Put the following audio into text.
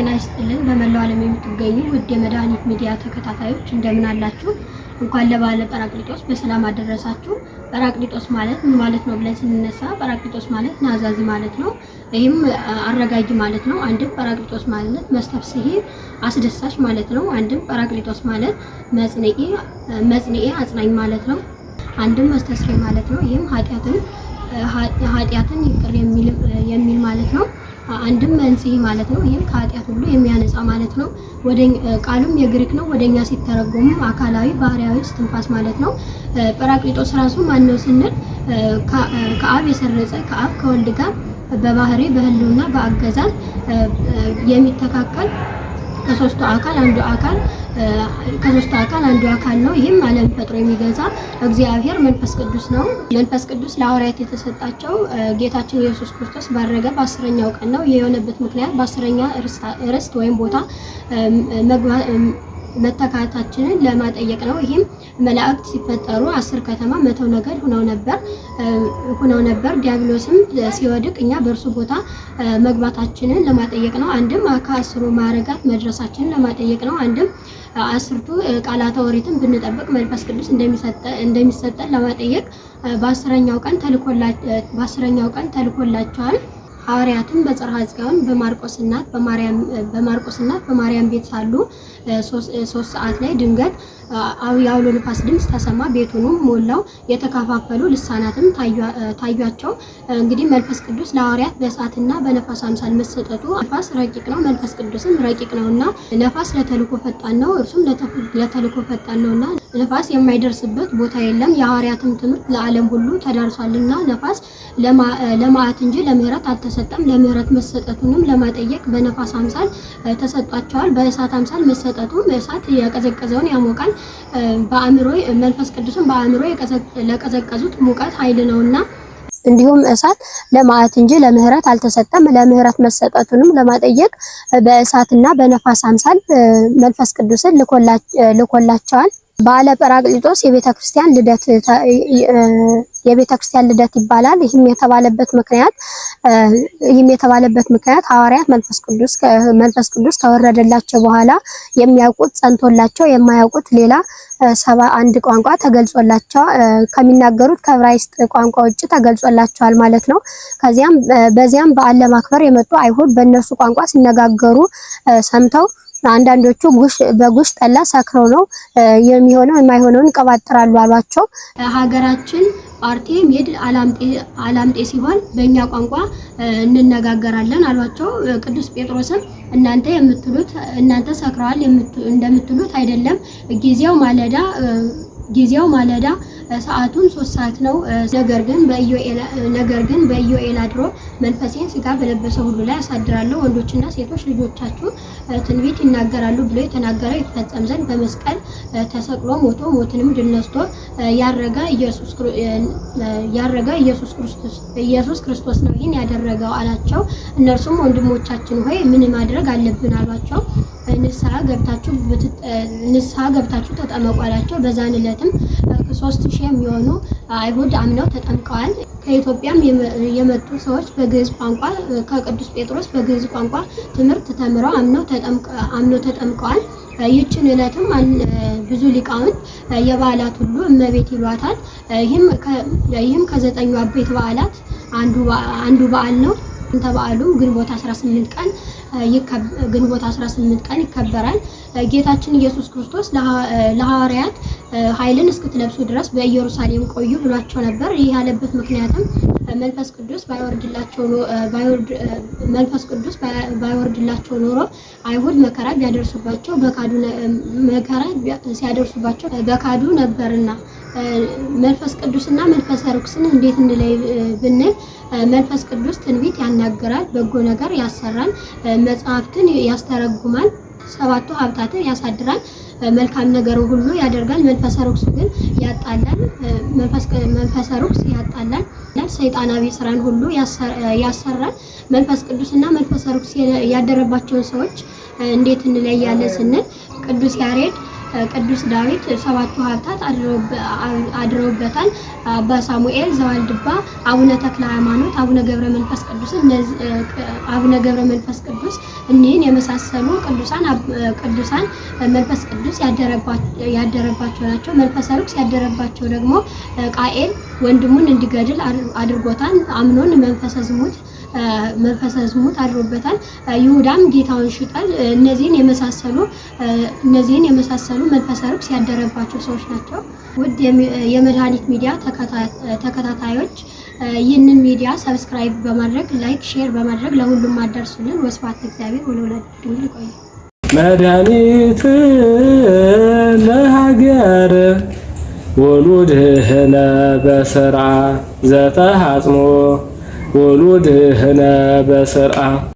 ጤና ይስጥልን። በመላው ዓለም የምትገኙ ውድ የመድኃኒት ሚዲያ ተከታታዮች እንደምን አላችሁ? እንኳን ለበዓለ ጰራቅሊጦስ በሰላም አደረሳችሁ። ጰራቅሊጦስ ማለት ምን ማለት ነው ብለን ስንነሳ ጰራቅሊጦስ ማለት ናዛዚ ማለት ነው፣ ይህም አረጋጊ ማለት ነው። አንድም ጰራቅሊጦስ ማለት መስተፍስሔ አስደሳች ማለት ነው። አንድም ጰራቅሊጦስ ማለት መጽንኤ አጽናኝ ማለት ነው። አንድም መስተስሬ ማለት ነው። ይህም ኃጢአትን ይቅር የሚል ማለት ነው። አንድም መንጽሄ ማለት ነው። ይህም ከኃጢአት ሁሉ የሚያነጻ ማለት ነው። ቃሉም የግሪክ ነው። ወደኛ ሲተረጎሙ አካላዊ፣ ባህሪያዊ እስትንፋስ ማለት ነው። ጰራቅሊጦስ ራሱ ማን ነው ስንል ከአብ የሰረጸ ከአብ ከወልድ ጋር በባህሪ በህልውና በአገዛዝ የሚተካከል ከሶስቱ አካል አንዱ አካል ከሶስቱ አካል አንዱ አካል ነው። ይህም ዓለም ፈጥሮ የሚገዛ እግዚአብሔር መንፈስ ቅዱስ ነው። መንፈስ ቅዱስ ለሐዋርያት የተሰጣቸው ጌታችን ኢየሱስ ክርስቶስ ባረገ በአስረኛው ቀን ነው። የሆነበት ምክንያት በአስረኛ ርስት ወይም ቦታ መተካታችንን ለማጠየቅ ነው። ይህም መላእክት ሲፈጠሩ አስር ከተማ መቶ ነገድ ሆነው ነበር ሆነው ነበር። ዲያብሎስም ሲወድቅ እኛ በእርሱ ቦታ መግባታችንን ለማጠየቅ ነው። አንድም ከአስሩ ማዕረጋት መድረሳችንን ለማጠየቅ ነው። አንድም አስርቱ ቃላተ ኦሪትን ብንጠብቅ መንፈስ ቅዱስ እንደሚሰጠን ለማጠየቅ በአስረኛው ቀን ተልኮላቸዋል። ሐዋርያትም በጽርሐ ጽዮን በማርቆስ እናት በማርቆስ እናት በማርያም ቤት ሳሉ ሶስት ሰዓት ላይ ድንገት የአውሎ ንፋስ ድምፅ ተሰማ። ቤቱንም ሞላው። የተከፋፈሉ ልሳናትም ታዩአቸው። እንግዲህ መንፈስ ቅዱስ ለሐዋርያት በእሳትና በነፋስ አምሳል መሰጠቱ ነፋስ ረቂቅ ነው፣ መንፈስ ቅዱስም ረቂቅ ነውና ነፋስ ለተልኮ ፈጣን ነው፣ እርሱም ለተልኮ ፈጣን ነውና ነፋስ የማይደርስበት ቦታ የለም። የሐዋርያትም ትምህርት ለዓለም ሁሉ ተዳርሷልና ነፋስ ለማዓት እንጂ ለምህረት አልተሰጠም። ለምህረት መሰጠቱንም ለማጠየቅ በነፋስ አምሳል ተሰጧቸዋል። በእሳት አምሳል መሰጠቱም እሳት የቀዘቀዘውን ያሞቃል። በአእምሮ መንፈስ ቅዱስም በአእምሮ ለቀዘቀዙት ሙቀት ኃይል ነውና እንዲሁም እሳት ለማዓት እንጂ ለምህረት አልተሰጠም። ለምህረት መሰጠቱንም ለማጠየቅ በእሳትና በነፋስ አምሳል መንፈስ ቅዱስን ልኮላቸዋል። ባለ ጰራቅሊጦስ የቤተ ክርስቲያን ልደት የቤተ ክርስቲያን ልደት ይባላል። ይህም የተባለበት ምክንያት ይህም የተባለበት ምክንያት ሐዋርያት መንፈስ ቅዱስ መንፈስ ቅዱስ ተወረደላቸው በኋላ የሚያውቁት ጸንቶላቸው የማያውቁት ሌላ ሰባ አንድ ቋንቋ ተገልጾላቸው ከሚናገሩት ከዕብራይስጥ ቋንቋ ውጭ ተገልጾላቸዋል ማለት ነው። ከዚያም በዚያም በዓል ለማክበር የመጡ አይሁድ በእነሱ ቋንቋ ሲነጋገሩ ሰምተው አንዳንዶቹ በጉሽ ጠላ ሰክረው ነው የሚሆነው፣ የማይሆነውን ይቀባጥራሉ አሏቸው። ሀገራችን አርጤሜድን አላምጤ ሲሆን በእኛ ቋንቋ እንነጋገራለን አሏቸው። ቅዱስ ጴጥሮስም እናንተ የምትሉት እናንተ ሰክረዋል እንደምትሉት አይደለም፣ ጊዜው ማለዳ ጊዜው ማለዳ ሰዓቱም ሶስት ሰዓት ነው። ነገር ግን በኢዮኤል ነገር ግን በኢዮኤል አድሮ መንፈሴን ስጋ በለበሰ ሁሉ ላይ አሳድራለሁ። ወንዶችና ሴቶች ልጆቻችሁ ትንቢት ይናገራሉ ብሎ የተናገረው ይፈጸም ዘንድ በመስቀል ተሰቅሎ ሞቶ ሞትንም ድል ነስቶ ያረገ ኢየሱስ ክርስቶስ ኢየሱስ ክርስቶስ ነው ይህን ያደረገው አላቸው። እነርሱም ወንድሞቻችን ሆይ ምን ማድረግ አለብን አሏቸው። ንስሐ ገብታችሁ ንስሐ ገብታችሁ ተጠመቁ አላቸው። በዛን ዕለት ማለትም ከሶስት ሺህ የሚሆኑ አይሁድ አምነው ተጠምቀዋል። ከኢትዮጵያም የመጡ ሰዎች በግዕዝ ቋንቋ ከቅዱስ ጴጥሮስ በግዕዝ ቋንቋ ትምህርት ተምረው አምነው ተጠምቀዋል። ይችን ዕለትም ብዙ ሊቃውንት የበዓላት ሁሉ እመቤት ይሏታል። ይህም ከዘጠኙ አበይት በዓላት አንዱ በዓል ነው። ተበዓሉ ግንቦት 18 ቀን ግንቦት 18 ቀን ይከበራል። ጌታችን ኢየሱስ ክርስቶስ ለሐዋርያት ኃይልን እስክትለብሱ ድረስ በኢየሩሳሌም ቆዩ ብሏቸው ነበር። ይህ ያለበት ምክንያትም መንፈስ ቅዱስ ባይወርድላቸው መንፈስ ቅዱስ ባይወርድላቸው ኖሮ አይሁድ መከራ ቢያደርሱባቸው በካዱ መከራ ሲያደርሱባቸው በካዱ ነበርና መንፈስ ቅዱስና መንፈስ ርኩስን እንዴት እንለይ ብንል መንፈስ ቅዱስ ትንቢት ያናገራል፣ በጎ ነገር ያሰራል፣ መጽሐፍትን ያስተረጉማል፣ ሰባቱ ሀብታትን ያሳድራል፣ መልካም ነገር ሁሉ ያደርጋል። መንፈስ ርኩስ ግን ያጣላል፣ መንፈስ ርኩስ ያጣላል፣ ሰይጣናዊ ስራን ሁሉ ያሰራል። መንፈስ ቅዱስና መንፈስ ርኩስ ያደረባቸውን ሰዎች እንዴት እንለያለን ስንል ቅዱስ ያሬድ ቅዱስ ዳዊት ሰባቱ ሀብታት አድረውበታል። አባ ሳሙኤል ዘዋልድባ፣ አቡነ ተክለ ሃይማኖት፣ አቡነ ገብረ መንፈስ ቅዱስ አቡነ ገብረ መንፈስ ቅዱስ እኒህን የመሳሰሉ ቅዱሳን ቅዱሳን መንፈስ ቅዱስ ያደረባቸው ናቸው። መንፈሰ ርኩስ ያደረባቸው ደግሞ ቃኤል ወንድሙን እንዲገድል አድርጎታል። አምኖን መንፈሰ ዝሙት መንፈሰ ዝሙት አድሮበታል። ይሁዳም ጌታውን ሽጧል። እነዚህን የመሳሰሉ እነዚህን የመሳሰሉ መንፈሰ ርኩስ ያደረባቸው ሰዎች ናቸው። ውድ የመድኃኒት ሚዲያ ተከታታዮች ይህንን ሚዲያ ሰብስክራይብ በማድረግ ላይክ፣ ሼር በማድረግ ለሁሉም አደርሱልን ወስብሐት ለእግዚአብሔር ወለወላዲቱ ድንግል። ይቆያል። መድኃኒት ለሀገር ወሉድህነ በስርዓ ዘተሃጽሞ ወሉድህነ በሰርአ